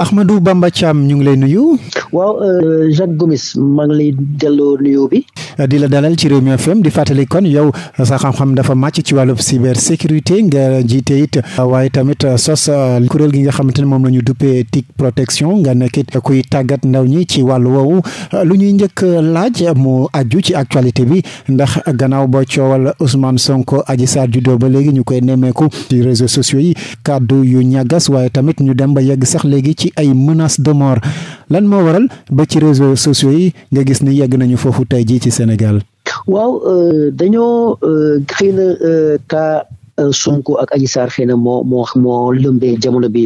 Ahmadou Bamba Thiam ñu ngi lay nuyu. waaw euh, Jacques Gomis maa ngi lay delloo nuyoo bi. di la dalal ci mi FM di fàttali kon yow sa xam-xam dafa màcc ci wàllu cybersécurité nga jiite it waaye tamit sos uh, kuréel gi nga xamante ne moom la ñu duppee TIC protection nga nekkit kuy tàggat ndaw ñi ci wàllu woowu uh, lu ñuy njëkk uh, laaj mu aju ci actualité bi ndax gannaaw boo coowal Ousmane Sonko Adji Sarr juddoo ba léegi ñu koy nemmeeku ci réseau sociaux yi kàddu yu ñàggas waaye tamit ñu dem ba yegg sax léegi ci ay menaces de mort lan moo waral ba ci réseaux sociaux yi nga gis ni yegg nañu foofu tey jii ci senegal waaw euh, dañoo euh, xëy na euh, ka Sonko ak Adji Sarr xëy na moo moo moo lëmbee jamono bi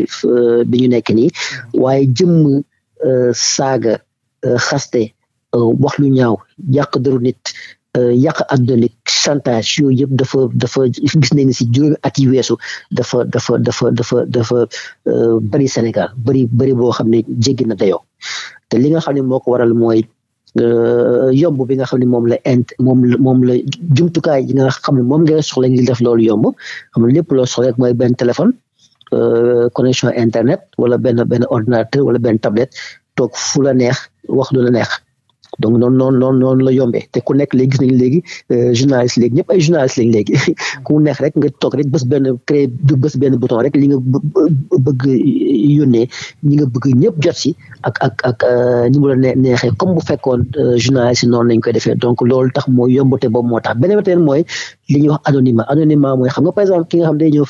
bi ñu nekk nii waaye jëmm saaga xaste waxlu ñaaw yàq dëru nit. yàq àdduna ni chantage yooyu yëpp dafa dafa gis nañ si juróomi at yi weesu dafa dafa dafa dafa dafa bëri Sénégal bëri bëri boo xam ne jéggi na dayoo te li nga xam ne moo ko waral mooy euh, yomb bi nga xam ni moom la int moom moom la jumtukaay yi nga xam ne moom ngay soxla ngir def loolu yomb xam ne lépp loo soxla rek mooy benn téléphone euh, connexion internet wala benn benn ordinateur wala benn tablette toog fu la neex wax lu la neex donc noonu noonu noonu noonu la yombee te ku nekk léegi gis nañu léegi euh, journaliste léegi ñëpp ay journaliste lañ léegi hmm. ku nekk rek nga toog rek bés benn créé bés benn bouton rek li nga bëgg ñi nga bëgg ñëpp jot si ak ak ak euh, ni mu la neexee comme bu fekkoon euh, journaliste yi noonu lañ koy defee donc loolu tax mooy yombate boobu moo tax beneen bi mooy li ñuy wax anonymat anonymat mooy xam nga par exemple ki nga xam day ñëw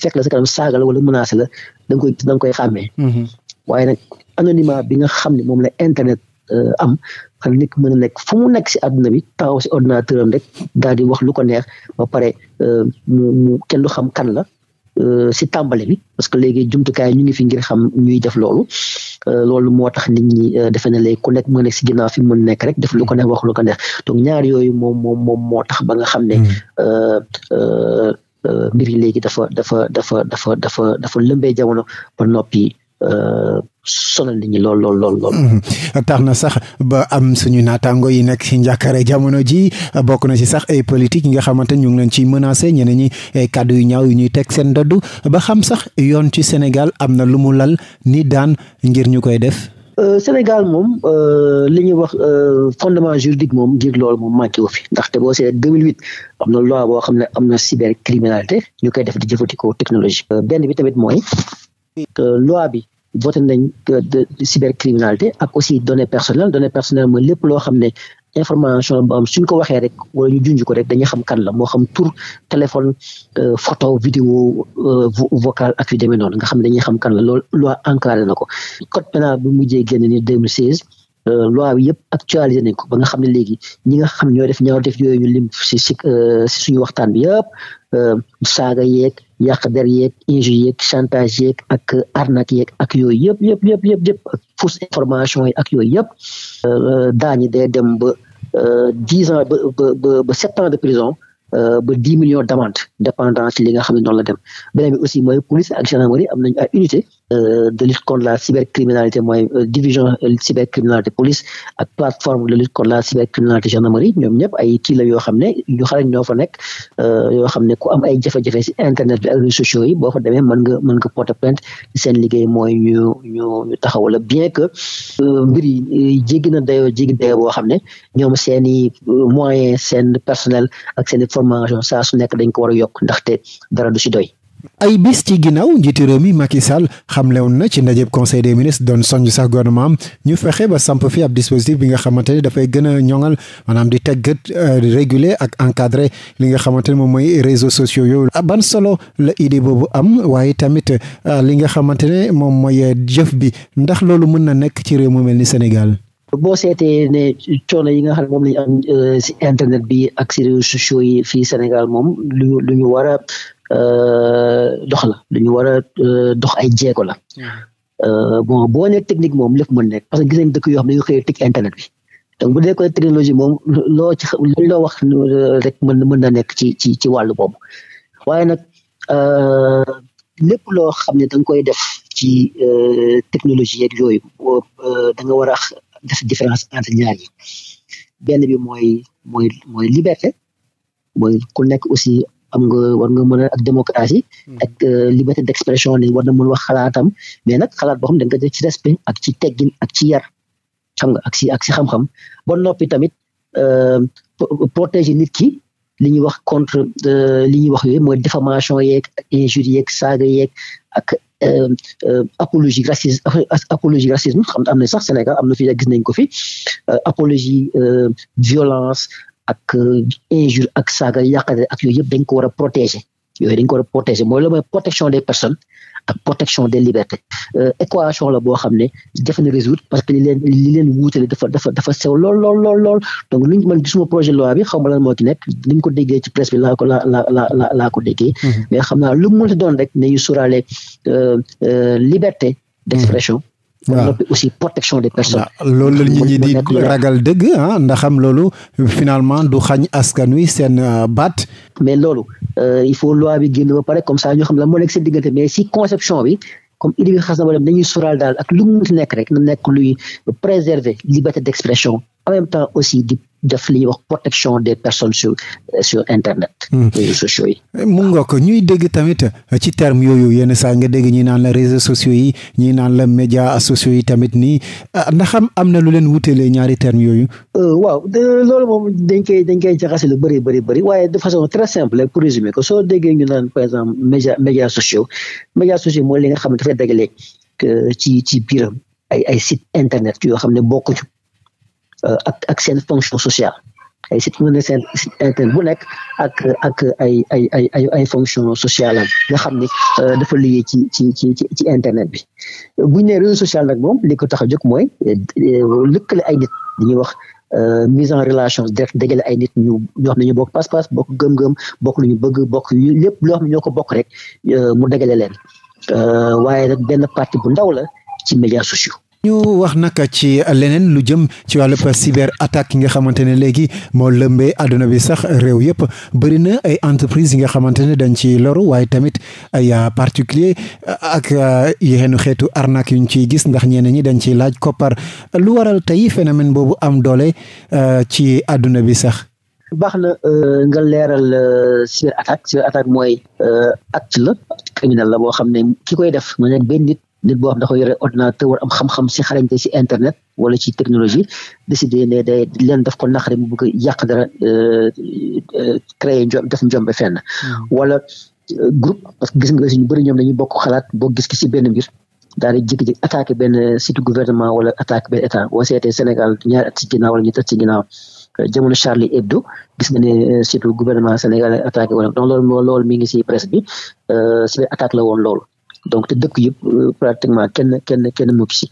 fekk la sa kanam saaga la wala menacé la da nga koy da nga koy hmm. bi nga xam ne moom la internet am xam ne nit mën a nekk fu mu nekk si àdduna bi taxaw si ordinateur am rek daal di wax lu ko neex ba pare euh, mu mu kenn du xam kan la euh, si tàmbali bi parce que léegi jumtukaay ñu ngi fi ngir xam ñuy def loolu euh, loolu moo tax nit ñi defe na léegi ku nekk mu a nekk si ginnaaw fi mën nekk rek def lu ko neex wax lu ko neex ñaar yooyu moom moom moom moo tax ba nga xam ne. Hmm. mbir yi léegi dafa dafa dafa dafa dafa dafa lëmbee jamono ba noppi. sonal li ñi lool lool lool lool. Mhm. tax na sax ba am suñu naataango yi nekk ci njàkkare jamono ji bokk na ci sax ay politique yi nga xamante ñu ngi leen ciy menacé ñeneen ñi ay kàddu yu ñaaw yu ñuy teg seen dodd ba xam sax yoon ci Sénégal am na lu mu lal ni daan ngir ñu koy def. Euh, Sénégal moom euh, li ñuy wax euh, fondement juridique moom ngir loolu moom manqué wu fi ndaxte boo seetlee 2008 am na loi boo xam ne am na cybercriminalité ñu koy def di jëfandikoo technologie. benn bi tamit mooy loi voté nañ de cybercriminalité ak aussi données personnelles données personnelles mooy lépp loo xam ne information bu suñ ko waxee rek wala ñu junj ko rek dañuy xam kan la moo xam tur téléphone euh, photo vidéo euh, vocal ak yu demee noonu nga xam ne dañuy xam kan la loolu loi encadré na ko code pénal bu mujjee génn ni 2016 euh, loi bi yëpp actualisé nañ ko ba nga xam ne léegi ñi nga xam ñoo def ñaaw def yooyu ñu lim si si si suñu waxtaan bi yëpp saaga yeeg yàq der yeeg injure yeeg chantage yeeg ak arnaque yeeg ak yooyu yëpp yëpp yëpp yëpp yëpp ak fausse information yi ak yooyu yëpp euh, daañu da dem ba euh, dix ans ba ba ba sept ans de prison Euh, ba dix millions demande dépendant ci li nga xam ne noonu la dem beneen mooy police ak gendarmerie am nañu unité euh, de lutte contre la cybercriminalité mooy euh, division cybercriminalité police ak plateforme de lutte contre la cybercriminalité gendarmerie ñoom ñëpp ay kii yoo xam ne ñu xarañ ñoo fa nekk yoo xam ne ku am ay jafe-jafe si internet bi ak réseaux sociaux yi boo fa demee man nga mën nga porter plainte seen liggéey mooy ñu ñu ñu taxawal bien que mbir yi jéggi na dayoo jéggi dayoo boo xam ne ñoom seen i moyens seen personnel seen formation saa su nekk dañ ko war a yokk ndaxte dara du si doy. ay bis ci ginnaaw njiitu réew mi Macky xam xamle woon na ci ndajeb conseil des ministres doon soññ sax gouvernement am ñu fexe ba samp fi ab dispositif bi nga xamante ne dafay gën a ñoŋal maanaam di teggat euh, réguler ak encadrer li nga xamante ne moom mooy réseaux sociaux yooyu. Ah, ban solo la idée boobu am waaye tamit euh, li nga xamante ne moom mooy jëf bi ndax loolu mën na nekk ci réew mu mel ni Sénégal. boo seetee ne coono yi nga xam ne moom la ñu euh, si internet bi ak si réseaux sociaux yi fii Sénégal moom lu lu ñu war a euh, dox la lu ñu war a euh, dox ay jéego la hmm. bon boo nekk technique moom lépp mën nekk parce que dëkk yoo xam ne dañoo xëy tëj internet bi donc bu dee ko moom loo ci loo wax rek mën mën na nekk ci ci ci wàllu boobu waaye nag lépp loo xam ne da koy def ci technologie yeeg yooyu da nga def différence entre ñaar yi benn bi mooy mooy mooy liberté mooy ku nekk aussi am nga war nga mën a ak démocratie hmm. ak euh, liberté d'expression ni war na mën wax xalaatam mais nag xalaat boo xam da nga def ci respect ak ci teggin ak ci yar xam nga ak si ak si xam-xam ba noppi tamit euh, protéger nit ki li ñuy wax contre euh, li ñuy wax yooyu mooy diffamation yeeg injure yeeg saaga yeeg Euh, euh, apologie racisme apologie racisme xam am na sax Sénégal am na fi gis nañ ko fi euh, apologie violence ak injure ak saaga yàqare ak yooyu yëpp dañ ko war a protéger yooyu dañ ko war a protéger mooy la mooy protection des personnes ak protection des libertés euh, équation la boo xam ne jafe na résoudre parce que li leen li leen wuutale dafa dafa dafa sew lool lool lool lool donc luñ man gisuma projet loi ko déggee ci presse bi la la laa ko déggee mm-hmm. mais xam naa lu mu mënti doon rek nañu sóoraale euh, euh, liberté d'expression mm-hmm. waaw aussi protection des personnes. Ah, loolu la ñi di ragal dëgg ah ndax am loolu finalement du xañ askan wi seen baat. mais loolu Euh, il faut loi bi génn ba pare comme ça ñu xam la moo nekk seen diggante mais si conception bi comme idée bi na ba dem dañuy sóoraal daal ak liberté d'expression en même aussi def li ñuy wax protection des personnes sur internet. Hmm. réseaux sociaux yi. mu nga ko ñuy dégg tamit ci terme yooyu yenn saa nga dégg ñi naan la réseaux sociaux yi ñi naan la média sociaux yi tamit nii ah, ndax am na lu leen wutelee ñaari termes yooyu. Euh, waaw loolu moom dañ koy dañ koy jaxase lu bëri bëri bëri waaye de façon très simple pour résumer ko soo déggee ñu naan par exemple médias médias sociaux médias sociaux mooy li nga xam ne dafay dagale ci ci biiram ay ay site internet yoo xam ne bokkuñu. ak ak seen fonction sociale ay site internet bu nekk ak ak ay ay ay ay ay fonction sociale am xam ni euh, dafa liggéey ci ci ci ci internet bi bu ñu réseau social nag moom li ko tax a jóg mooy euh, lëkkale ay nit li ñuy wax euh, mise en relation def dajale ay nit ñu ñoo xam ne ñu bokk pas-pas bokk gëm-gëm bokk lu ñu bëgg bokk lépp loo xam ñoo ko bokk rek mu dajale leen waaye nag benn partie bu ndaw la ci médias sociaux. ñu wax nag ci leneen lu jëm ci wàllub cyber attaque yi nga xamante ne léegi moo lëmbee àdduna bi sax réew yëpp bëri na ay entreprise yi nga xamante ne dañ ci loru waaye tamit ay particulier ak yenn xeetu arnaque yu ñu ciy gis ndax ñeneen ñi dañ ciy laaj koppar lu waral tey phénomène boobu am doole euh, ci adduna bi sax. baax na euh, nga leeral euh, cyber attaque cyber attaque mooy acte la criminel la boo xam ne ki koy def mu nekk benn nit nit boo xam dafa yore ordinateur war am xam-xam si xarañte si internet wala ci technologie décidé ne day leen daf ko naqari mu bëgg yàq dara euh, euh, créer njom def njombe fenn hmm. wala euh, groupe parce que gis nga si ñu bëri ñoom dañuy bokk xalaat boo gis ki si benn mbir daal di jékki-jékki attaqué benn site gouvernement wala attaqué benn état boo seetee Sénégal ñaari at si ginnaaw wala ñu at si ginnaaw jamono Charlie Hebdo gis nga ne surtout gouvernement Sénégal attaqué wala donc loolu loolu mi ngi si presse bi si attaque la woon loolu donc te dëkk yëpp euh, pratiquement kenn kenn kenn mu si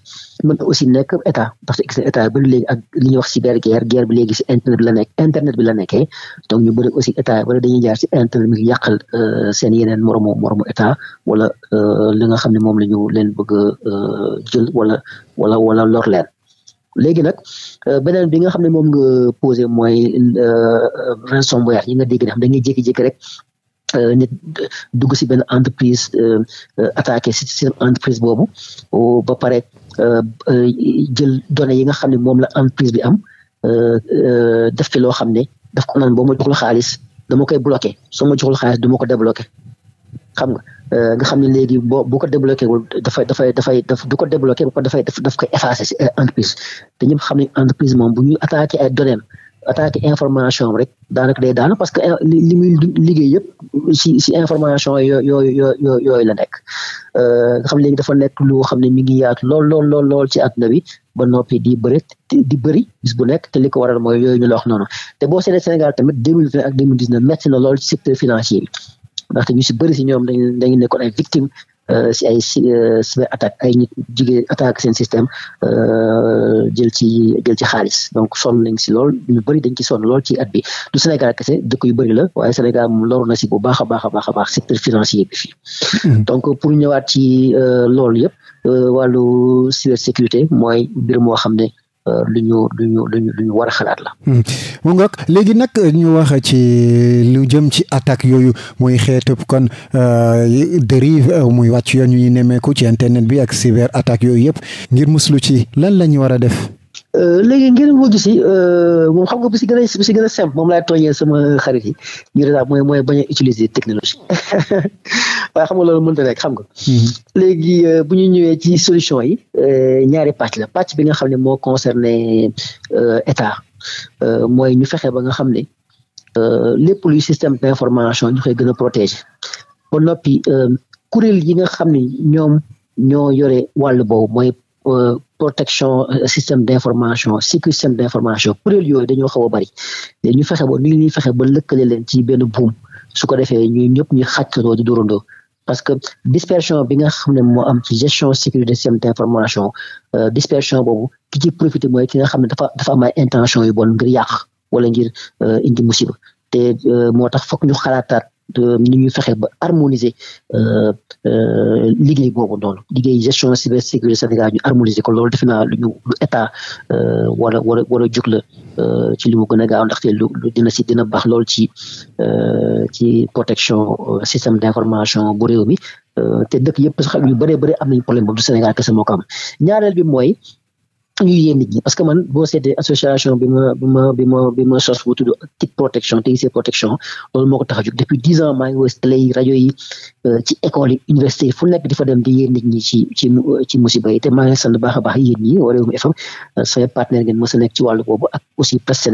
mën aussi nekk état parce que état ba léegi ak li ñuy wax cyberguerre guerre bi léegi si internet bi la nekk internet bi la nekkee donc ñu bëri aussi état wala dañuy jaar si internet bi yàqal euh, seen yeneen moromu moromu état wala euh, li nga xam ne moom la ñu leen bëgg jël wala wala wala lor leen. léegi nag beneen bi nga xam ne moom nga posé mooy ransomware yi nga dégg ne xam da ngay jékki-jékki rek Euh, nit dugg si benn entreprise euh, euh, attaqué si seen entreprise boobu ba pare jël données yi nga xam ne moom la entreprise bi am def ci loo xam ne daf ko naan boo ma joxul xaalis dama koy bloqué soo ma joxul xaalis du ma ko débloqué xam nga nga xam ne léegi boo bu ko débloqué wul dafay dafay dafay daf du ko débloqué ba dafay daf daf koy effacé si entreprise te ñëpp xam ne entreprise moom bu ñuy attaqué ay données attaqué information rek daanaka day daanu parce que eh, li muy liggéey yëpp si si information yooyu yooyu yooyu la nekk euh, nga xam léegi dafa nekk lu xam ne mi ngi yaatu lool lool lool lool ci àdduna bi ba noppi di bëri di bëri bis bu nekk te li ko waral mooy yooyu ñu la wax noonu te boo seetee Sénégal tamit deux mille vingt ak deux mille dix lool ci secteur financier bi ndaxte ñu si bëri si ñoom dañu ñu nekkoon ay victimes. Euh, si ay si cyber euh, attaque ay nit jigéen attaque seen système euh, jël ci jël ci xaalis donc sonn nañ si lool ñu bëri dañ ci sonn lool ci at bi du Sénégal kese dëkk yu bari la waaye Sénégal moom loru na si bu baax a baax a baax a baax secteur financier bi fii hmm. donc pour ñëwaat ci loolu yëpp wàllu sécurité mooy mbir moo xam ne li ñu li ñu li ñu war a xalaat la. Hmm. mu ngoog léegi nag ñu wax ci lu jëm ci attaque yooyu muy xeetu kon euh, dérive euh, muy wàcc yoon yu nemmeeku ci internet bi ak cyber attaque yooyu yëpp ngir muslu ci lan la ñu war a def. Euh, léegi ngeen moo gis euh, moom xam nga bi si gën a si gën a simple moom laay tooñee sama xarit yi ñu ne daal mooy mooy bañ a utiliser technologie waaye xam nga loolu mënut a nekk xam nga. Mhm. léegi euh, bu ñu ñëwee ci solution yi ñaari pàcc la pàcc bi nga xam ne moo concerné état mooy ñu fexe ba nga xam ne lépp luy système d'information ñu koy gën a protéger ba noppi kuréel yi nga xam ne ñoom ñoo yore wàll boobu mooy. Euh, protection euh, système d'information sécurité système d'information kuréel yooyu dañoo xaw a bari ñu fexe ba ni ñuy fexe ba lëkkale leen ci benn buum su defee ñu ñëpp ñu xàccandoo di dóorandoo parce que dispersion bi nga xam ne moo am ci gestion sécurité système d'information euh, dispersion boobu ki ci profité mooy ki nga xam ne dafa dafa am ay intention yu bon ngir yàq wala ngir indi musiba te moo tax fokk ñu xalaataat ni ñu ngi fexe ba harmoniser euh, euh, liggéey boobu noonu liggéey gestion cybersécurité Sénégal ñu harmoniser ko loolu defe naa lu ñu lu état euh, wala wala wala jóg la ci li mu gën a gaaw ndaxte lu dina si dina baax lool ci ci protection système d'information bu réew mi te dëkk yëpp sax yu bëree bëri am nañu problème boobu du Sénégal kese moo ko ñaareel bi mooy. ñuy yee nit ñi parce que man boo seetee association bi ma bi ma bi ma bi ma sos bu tudd TIC protection TIC protection loolu moo ko tax a depuis dix ans maa ngi wër yi rajo yi euh, ci école yi université yi fu nekk fa dem di yee nit ñi ci ci euh, ci musiba yi te maa ngi sant baax a baax yéen ñi waa Rewmi FM euh, sama partenaire ngeen mos a nekk ci wàllu boobu ak aussi presse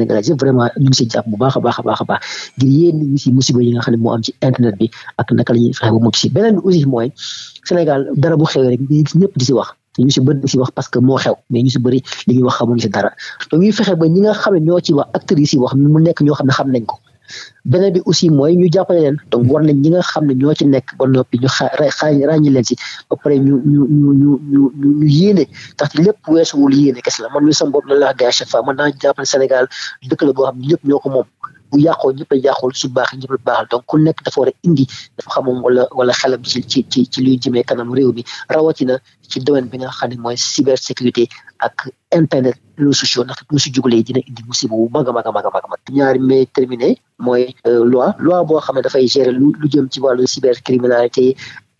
si jàpp a baax a baax a baax ngir yéen nit ñi si musiba yi nga xam moo am ci internet bi ak naka la ñuy fexe ba mucc si beneen dara bu xewee di si wax te ñu si bëri si wax parce que moo xew mais ñu si bëri li ñuy wax xamuñu si dara donc ñuy fexe ba ñi nga xam ne ñoo ci wax acteurs yi si wax mu nekk ñoo xam ne xam nañ ko beneen bi aussi mooy ñu jàppale leen donc nañ ñi nga xam ne ñoo ci nekk ba noppi ñu xa ràññi leen si ba pare ñu ñu ñu ñu ñu ñu yéene lépp weesuwul yéene kese la man mi sama bopp la laa gars chaque fois man naa jàppale Sénégal dëkk la boo xam ne ñëpp ñoo ko moom bu yàqoo ñëpp a yàqool su baax ñëpp a baaxal donc ku nekk dafa war a indi dafa xamoom wala wala xelam ci ci ci ci luy jëmee kanam réew mi rawatina ci domaine bi nga xam ne mooy cybersécurité ak internet réseaux sociaux ndax bu si jugalee dina indi musiba bu mag a mag a mag a mag ñaari mais terminé mooy euh, loi loi boo xam ne dafay gérer lu lu jëm ci wàllu cybercriminalité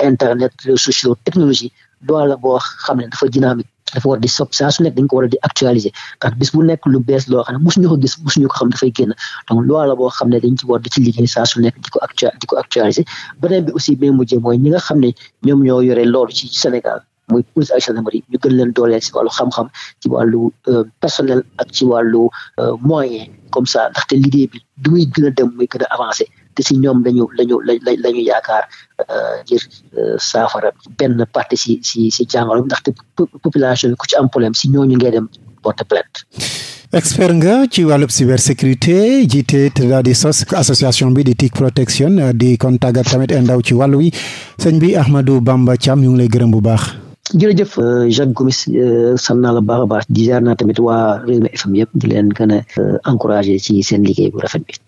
internet réseaux sociaux technologie loi la boo xam ne dafa dynamique dafa war di sob saa su nekk dañ ko war di actualiser ndax bis bu nekk lu bees loo xam ne musuñu ko gis musuñu ko xam dafay génn donc loolu la boo xam ne dañ ci war di ci liggéey saa su nekk di ko actu di ko actualiser beneen bi aussi bi mujjee mooy ñi nga xam ne ñoom ñoo yore loolu ci Sénégal mooy police ak gendarmerie ñu gën leen dooleel ci wàllu xam-xam ci wàllu euh, personnel ak ci wàllu euh, moyen comme ça ndaxte liggéey bi du muy gën a dem muy gën avancer te si ñoom lañu lañu la la ñu yaakaar euh, ngir euh, saafara benn parti ci si si jàngoro bi ndaxte population bi ku ci am problème si ñooñu ngay dem porte plainte expert nga ci wàllub sécurité jiite te daal di sos association bi di TIC protection euh, di kon tàggat tamit ndaw ci wàllu wi sëñ bi Ahmadou Bamba Thiam ñu ngi lay gërëm bu baax jërëjëf Jacques Gomis sant naa la baax baax di jaar naa tamit waa Rewmi FM yëpp di leen gën a encouragé ci seen liggéey bu rafet bi